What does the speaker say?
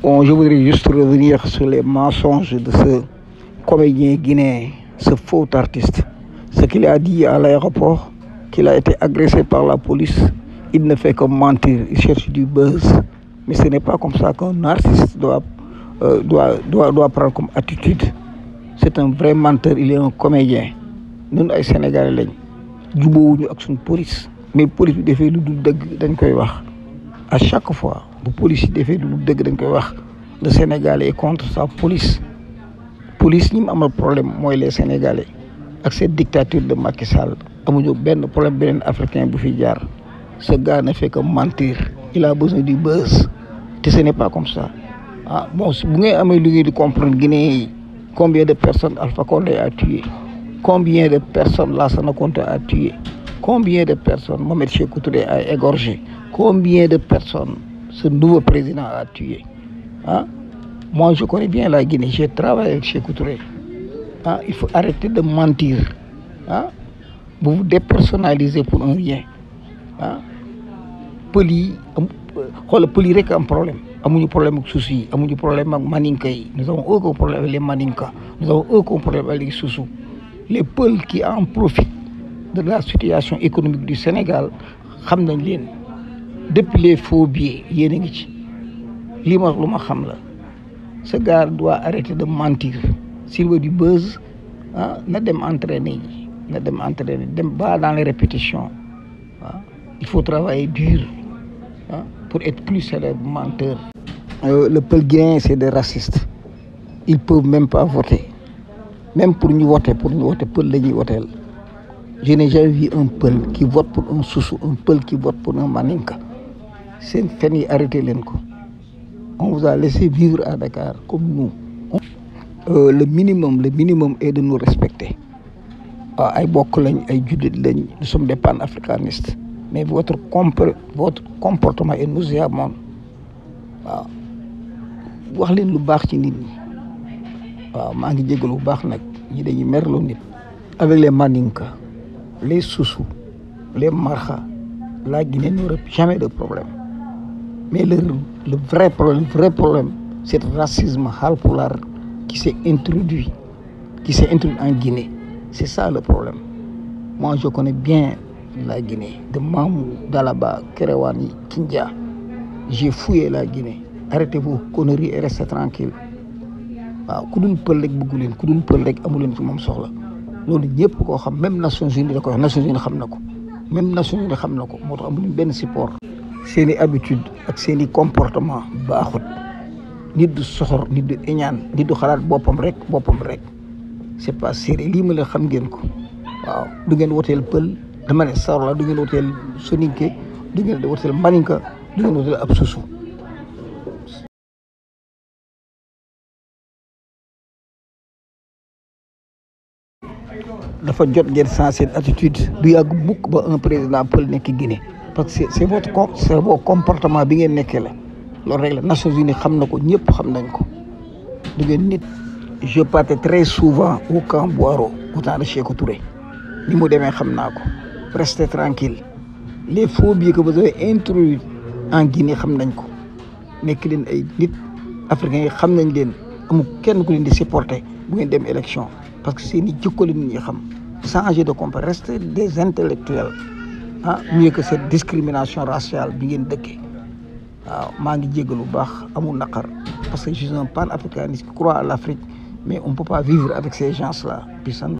Bon, je voudrais juste revenir sur les mensonges de ce comédien guinéen, ce faux artiste. Ce qu'il a dit à l'aéroport, qu'il a été agressé par la police, il ne fait que mentir, cherche du buzz. Mais ce n'est pas comme ça qu'un artiste doit, euh, prendre comme attitude. C'est un vrai menteur, il est un comédien. Nous, les Sénégalais, lañ jubóowuñu ak suñu police mais police bi dafay lu dul dëgg dañ koy wax à chaque fois bu police yi defee bu dëgg dañ koy wax le Sénégalais est contre sa police police ñi mu amal problème mooy les Sénégalais ak cette dictature de Macky Sall amuñu benn problème beneen africain bu fi jaar ce gars ne fait que mentir il a besoin du te ce n'est pas comme ça ah bon bu ngay amee lu ngeen di comprendre Guinée yi combien de personnes Alpha Condé a tué combien de personnes Lassana Conté a tué combien de personnes Mohamed Sékou Touré a égorgé combien de personnes ce nouveau président a tué. Hein? je connais bien la Guinée. J'ai travaillé avec Cheikh Touré. Hein? Il faut arrêter de mentir. Hein? Vous vous dépersonnalisez pour un rien. Hein? Poli, xool pëli rek am problème amuñu problème ak susu yi amuñu problème ak maninka yi nous avons aucun problème avec les maninka nous avons aucun problème avec les susu les peuls qui en profit de la situation économique du Sénégal xam nañ leen depuis les faux billets yéen a ngi ci lii ma lu ma xam la ce gars doit arrêter de mentir s'il veut du buzz ah na dem entraîner yi na dem entraîner dem ba dans les répétitions ah il faut travailler dur ah pour être plus célèbre menteur. Euh, le pelguin c'est des racistes il peuvent même pas voter même pour ñu voter pour ñu voter pël la ñuy woteel je n'ai jamais vu un peul qui vote pour un sousou un peul qui vote pour un maninka seen fen yi arrêté leen ko on vous a vivre à Dakar comme nous euh, le minimum le minimum est de nous respecter waaw ah, ay bokk lañ ay juddit lañ nous sommes des panafricanistes mais votre comp comportement est nauséabond waaw ah, wax leen lu baax ci nit ñi waaw ah, maa ngi jégalu bu baax nag ñi dañuy merloo nit avec les maninka les sousou les marha la Guinée n'aurait jamais de problème Mais le, le vrai problème, le vrai problème, c'est le racisme halpolar qui s'est introduit, qui s'est introduit en Guinée. C'est ça le problème. Moi, je connais bien la Guinée, de Mamou, Dalaba, Kerewani, Kindia. J'ai fouillé la Guinée. Arrêtez vos conneries et restez tranquille. waaw ku dun pël rek bëggu leen ku dun pël amu leen ci moom soxla loolu ñëpp koo xam même Nations Unies da koy wax Nations Unies xam na ko même Nations Unies xam na ko moo tax benn support seeni habitude ak seeni comportement baaxut nit du soxor nit du iñaan nit du xalaat boppam rek boppam rek c'est pas sérieux lii ma la xam ngeen ko waaw du ngeen woteel pël dama ne sarla du ngeen woteel soninke du ngeen woteel maninka du ngeen woteel ab susu dafa jot ngeen sens seen attitude du yàgg mukk ba un président pël nekk Guinée parce que c'est votre c'est votre comportement bi ngeen nekkee la loolu rek la Nations Unies xam na ko ñëpp xam nañ ko du ngeen nit je partais très souvent au camp Boiro au temps de Sékou Touré ni mu demee xam naa ko restez tranquille les phobies que vous avez introduites en Guinée xam nañ ko nekk leen ay nit africains yi xam nañ leen amul kenn ku li di supporter bu ngeen dem élection parce que seen i jikko la nit xam changer de compé restez des intellectuels ah mieux que cette discrimination raciale bi ngeen dëkkee waaw maa ngi jégalu bu baax amul naqar parce que je suis un panafricaniste qui croit à l'Afrique mais on peut pas vivre avec ces gens là puis